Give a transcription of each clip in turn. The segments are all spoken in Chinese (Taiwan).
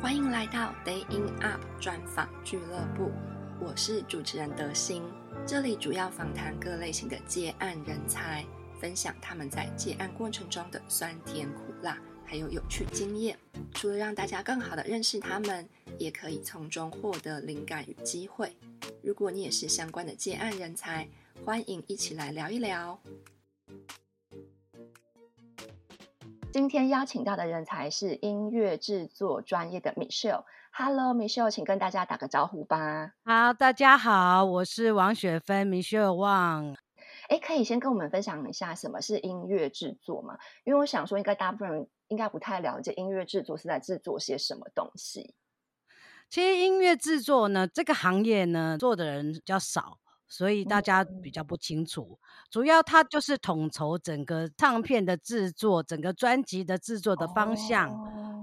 歡迎來到 DayinUP 專訪俱樂部，我是主持人德心。這裡主要訪談各類型的接案人才，分享他們在接案過程中的酸甜苦辣，還有有趣經驗。除了讓大家更好地認識他們，也可以從中獲得靈感與機會。如果你也是相關的接案人才，歡迎一起來聊一聊。今天邀請到的人才是音樂製作專業的 Michelle。Hello，Michelle，請跟大家打個招呼吧。好，大家好，我是王雪芬，Michelle Wang。哎，可以先跟我們分享一下什麼是音樂製作嗎？因為我想說，應該大部分人應該不太了解音樂製作是在制作些什麼東西。其實音樂製作呢，這個行業呢，做的人比較少。所以大家比較不清楚，主要它就是統籌整個唱片的制作，整個專輯的制作的方向，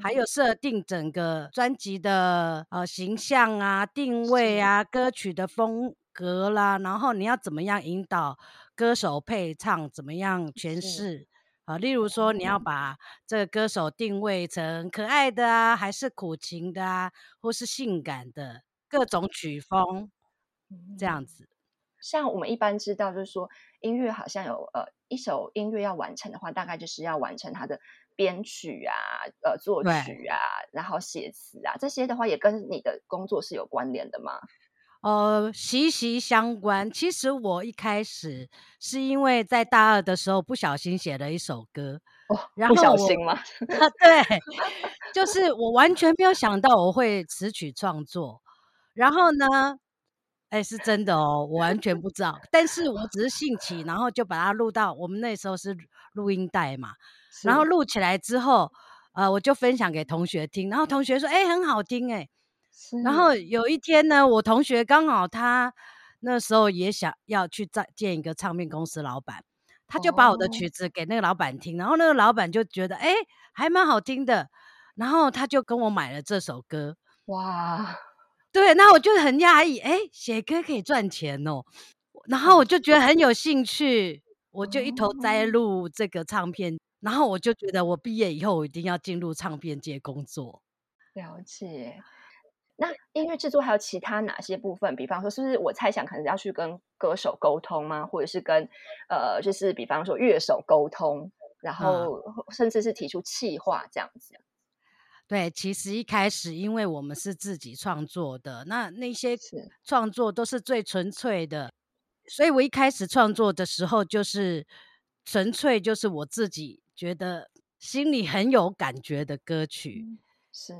還有設定整個專輯的呃形象啊、定位啊、歌曲的風格啦，然後你要怎麼樣引導歌手配唱，怎麼樣詮釋啊，例如說，你要把這個歌手定位成可愛的啊，還是苦情的啊，或是性感的各種曲風，這樣子。像我們一般知道，就是說音樂好像有呃，一首音樂要完成的話，大概就是要完成它的編曲啊、呃作曲啊，對然後寫詞啊，這些的話也跟你的工作是有關聯的嗎？呃，息息相關。其實我一開始是因為在大二的時候不小心寫了一首歌，哦，然後不小心嗎？啊，對，就是我完全沒有想到我會詞曲創作，然後呢？哎、欸，是真的哦，我完全不知道， 但是我只是興起，然後就把它錄到我們那時候是錄音帶嘛，是然後錄起來之後，呃，我就分享給同學聽，然後同學說，哎、欸，很好聽、欸，哎是，然後有一天呢，我同學剛好他那時候也想要去再見一個唱片公司老闆，他就把我的曲子給那個老闆聽，哦、然後那個老闆就覺得，哎、欸，還蠻好聽的，然後他就跟我買了這首歌，哇。對，那我就很訝異，哎，寫歌可以賺錢哦，然後我就覺得很有興趣，我就一頭栽入這個唱片，哦、然後我就覺得我畢業以後我一定要進入唱片界工作。了解，那音樂製作還有其他哪些部分？比方說，是不是我猜想可能要去跟歌手溝通嗎？或者是跟呃，就是比方說樂手溝通，然後甚至是提出企劃這樣子，啊。嗯對，其實一開始因為我們是自己創作的，那那些創作都是最純粹的，是，所以我一開始創作的時候就是純粹，就是我自己覺得心裡很有感覺的歌曲。是，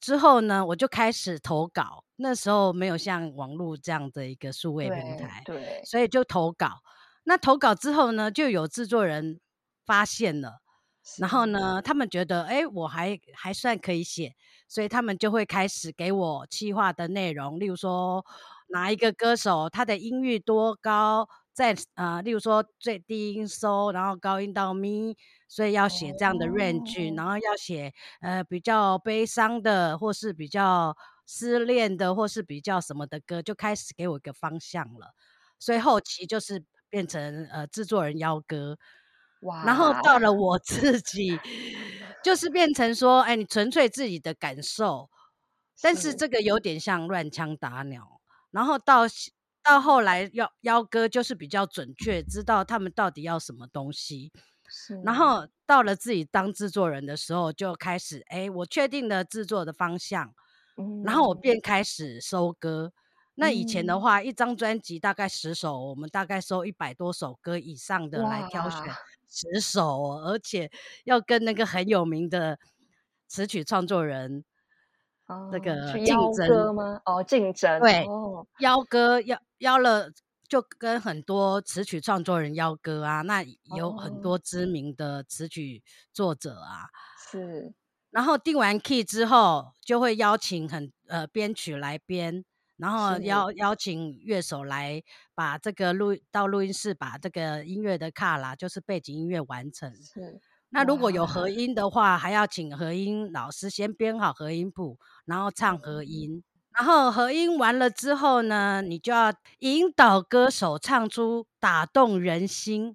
之後呢，我就開始投稿。那時候沒有像網絡這樣的一個數位平台，對，對，所以就投稿。那投稿之後呢，就有制作人發現了。然後呢，他們覺得，哎，我還還算可以寫，所以他們就會開始給我企劃的內容，例如說，哪一個歌手，他的音域多高，在呃，例如說最低音 so，然後高音到 mi，所以要寫這樣的 range，哦、然後要寫呃比較悲傷的，或是比較失戀的，或是比較什麼的歌，就開始給我一個方向了，所以後期就是變成呃制作人邀歌。然後到了我自己，哇就是變成說，哎，你純粹自己的感受，是但是這個有點像亂槍打鳥。然後到到後來，邀邀歌，就是比較準確，知道他們到底要什麼東西。是然後到了自己當制作人的時候，就開始，哎，我確定了制作的方向，嗯、然後我便開始收歌。嗯、那以前的話，一張專輯大概十首，我們大概收一百多首歌以上的來挑選。詞手，而且要跟那個很有名的詞曲創作人，哦、那個競爭哦，競爭對，哦、邀歌，邀邀了，就跟很多詞曲創作人邀歌啊，那有很多知名的詞曲作者啊，哦、是。然後定完 key 之後，就會邀請很呃編曲來編。然後邀是邀請樂手來把這個錄到錄音室，把這個音樂的卡拉，就是背景音樂完成。是那如果有合音的話，哦、還要請合音老師先編好合音譜，然後唱合音。嗯、然後合音完了之後呢，你就要引導歌手唱出打動人心，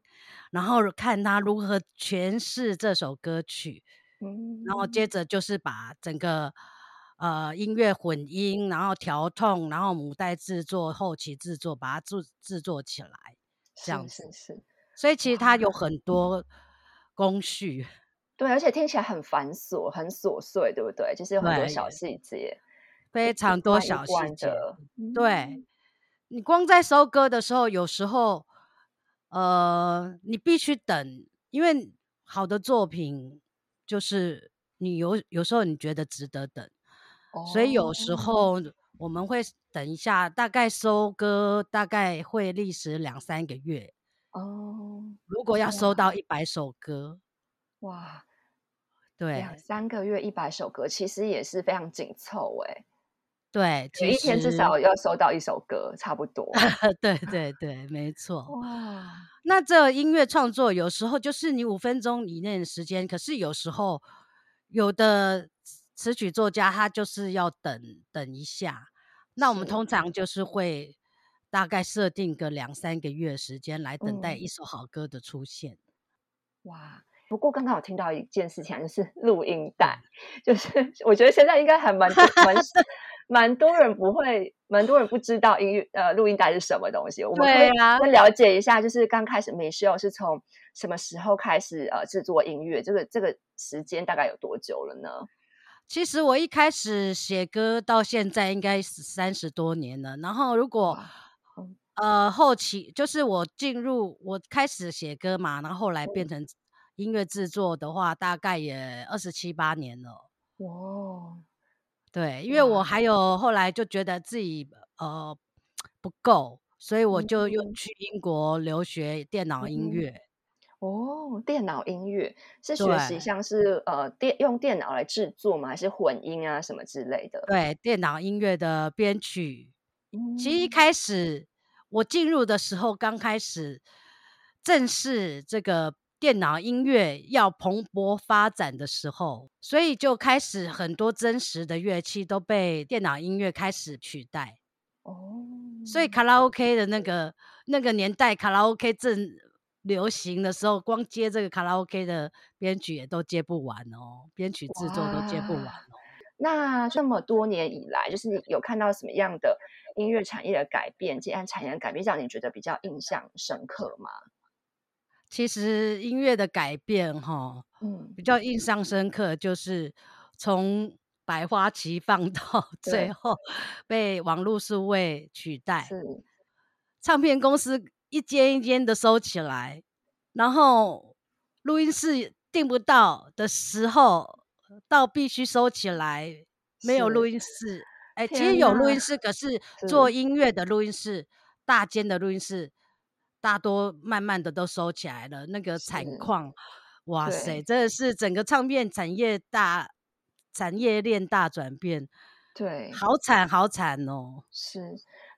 然後看他如何詮釋這首歌曲。嗯嗯，然後接着就是把整個呃，音樂混音，然後調 tone，然後母帶製作，後期製作，把它製製作起來，這樣子是，是是。所以其實它有很多工序，嗯，對，而且聽起來很繁瑣、很瑣碎，對不對？就是有很多小細節，對有非常多小細節。對，你光在收歌的時候，有時候，呃，你必須等，因為好的作品就是你有有時候你覺得值得等。Oh, 所以有時候我們會等一下，大概收歌大概會歷時兩三個月。哦，oh, 如果要收到一百首歌，哇，對，兩三個月一百首歌其實也是非常緊湊哎。對，每一天至少要收到一首歌，差不多。 對對對，沒錯。哇，那這音樂創作有時候就是你五分鐘以內的時間，可是有時候有的。詞曲作家他就是要等等一下。那我們通常就是會大概設定個兩三個月時間來等待一首好歌的出現。嗯、哇！不過剛剛我聽到一件事情，就是錄音帶，對就是我覺得現在應該還蠻多 蠻蠻多人不會，蠻多人不知道音樂呃錄音帶是什麼東西。我們會了解一下，就是剛開始 Michelle 是從什麼時候開始呃制作音樂？這個這個時間大概有多久了呢？其實我一開始寫歌到現在應該是三十多年了，然後如果 Wow. 呃後期就是我進入我開始寫歌嘛，然後後來變成音樂製作的話，大概也二十七八年了。哦，Wow. 對，Wow. 因為我還有後來就覺得自己呃不夠，所以我就又去英國留學電腦音樂。哦，電腦音樂是學習像是對呃電用電腦來制作嗎？還是混音啊什麼之類的？對，電腦音樂的編曲，嗯，其實一開始我進入的時候，剛開始正是這個電腦音樂要蓬勃發展的時候，所以就開始很多真實的樂器都被電腦音樂開始取代。哦，所以卡拉 OK 的那個那個年代，卡拉 OK 正。流行的時候，光接這個卡拉 OK 的編曲也都接不完哦，編曲制作都接不完哦。那這麼多年以來，就是你有看到什麼樣的音樂產業的改變？音樂產業的改變上，你覺得比較印象深刻嗎？其實音樂的改變哈，嗯，比較印象深刻就是從百花齊放到最後被網絡數位取代，唱片公司。一間一間的收起來，然後錄音室訂不到的時候，到必須收起來。沒有錄音室，哎，其實有錄音室，可是做音樂的錄音室，是大間的錄音室，大多慢慢的都收起來了。那個慘況，是哇塞，對真的是整個唱片產業大產業鏈大轉變，對，好慘好慘哦。是。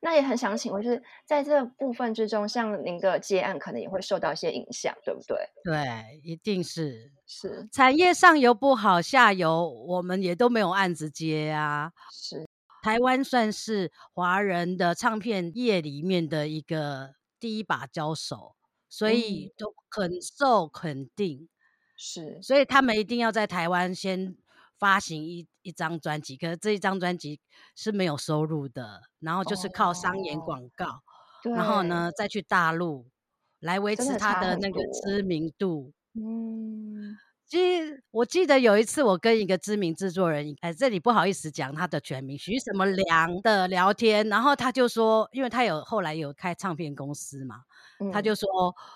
那也很想請問，就是在這部分之中，像您的接案，可能也會受到一些影響，對不對？對，一定是。是，產業上游不好，下游我們也都沒有案子接啊。是。台灣算是華人的唱片業裡面的一個第一把交手，所以都很受肯定。嗯、是，所以他們一定要在台灣先，發行一一張專輯，可是這一張專輯是沒有收入的，然後就是靠商演廣告，oh. 然後呢再去大陸對來維持他的那個知名度。嗯，其實。我記得有一次，我跟一個知名製作人，哎、欸，這裡不好意思講他的全名，許什麼良的聊天。然後他就說，因為他有後來有開唱片公司嘛，他就說，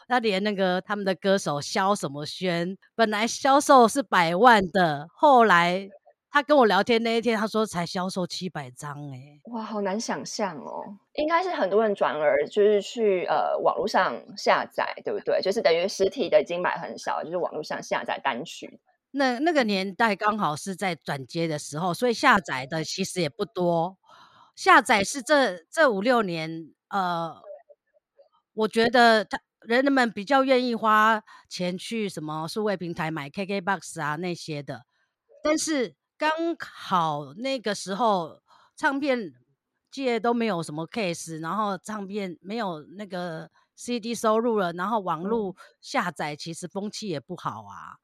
那連那個他們的歌手蕭什麼軒，本來銷售是百萬的，後來他跟我聊天那一天，他說才銷售七百張，欸，哎，哇，好難想象哦。應該是很多人轉而就是去呃網絡上下載，對不對？就是等於實體的已經買很少，就是網絡上下載單曲。那那個年代剛好是在轉接的時候，所以下載的其實也不多。下載是這這五六年，呃，我覺得他人們比較願意花錢去什麼數位平台買 KKBox 啊那些的。但是剛好那個時候唱片界都沒有什麼 case，然後唱片沒有那個 CD 收入了，然後網絡下載其實風氣也不好啊。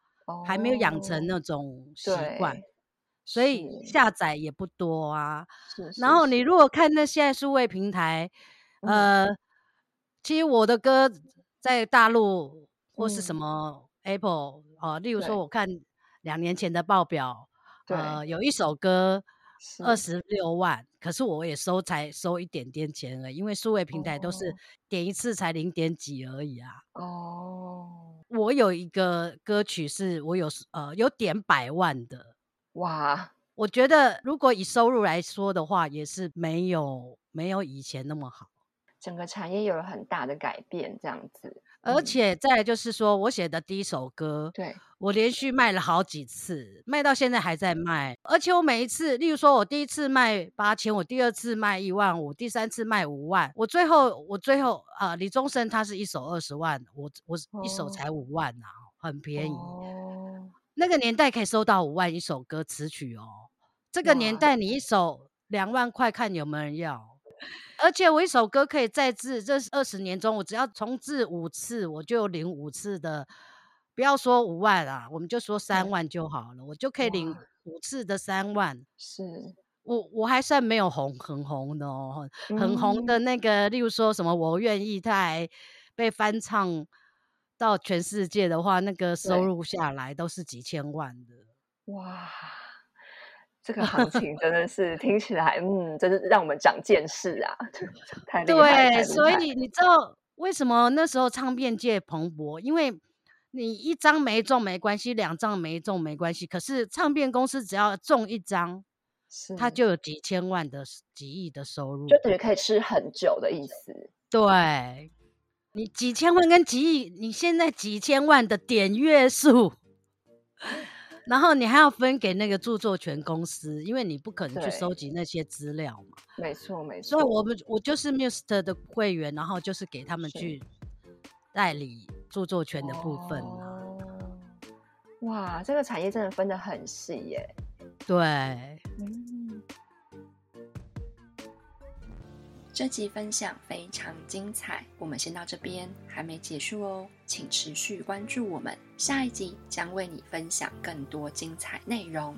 還沒有養成那種習慣，對所以下載也不多啊。是，是，然後你如果看那些數位平台，嗯、呃，其實我的歌在大陸或是什麼 Apple 啊、嗯呃，例如說我看兩年前的報表，對呃，有一首歌。二十六萬，可是我也收才收一點點錢了，因為數位平台都是點一次才零點幾而已啊。哦，我有一個歌曲是我有呃有點百萬的哇，我覺得如果以收入來說的話，也是沒有沒有以前那麼好，整個產業有了很大的改變，這樣子。而且再來就是說，我寫的第一首歌，對，我連續賣了好幾次，賣到現在還在賣。而且我每一次，例如說，我第一次賣八千，我第二次賣一萬五，第三次賣五萬，我最後我最後啊、呃，李宗盛他是一首二十萬，我我一首才五萬啊，很便宜哦。那個年代可以收到五萬一首歌詞曲哦，這個年代你一首兩萬塊，看有沒有人要。而且我一首歌可以再製，這二十年中我只要重製五次，我就領五次的，不要說五萬啊，我們就說三萬就好了，對我就可以領五次的三萬。是，我我還算沒有紅，很紅的哦，很紅的那個，嗯、例如說什麼我願意太，他還被翻唱到全世界的話，那個收入下來都是幾千萬的，哇。這個行情真的是聽起來， 嗯，真是讓我們長見識啊！太厲害，對，太厲害。所以你你知道為什麼那時候唱片界蓬勃？因為你一張沒中沒關係，兩張沒中沒關係，可是唱片公司只要中一張，是他就有幾千萬的幾億的收入，就等於可以吃很久的意思。對，你幾千萬跟幾億，你現在幾千萬的點閱數。 然後你還要分給那個著作權公司，因為你不可能去收集那些資料嘛。沒錯，沒錯。所以我們我就是 Muse 的會員，然後就是給他們去代理著作權的部分。哇，哇，這個產業真的分得很細耶。對。嗯這集分享非常精彩，我們先到這邊，還沒結束哦。請持續關注我們，下一集將為你分享更多精彩內容。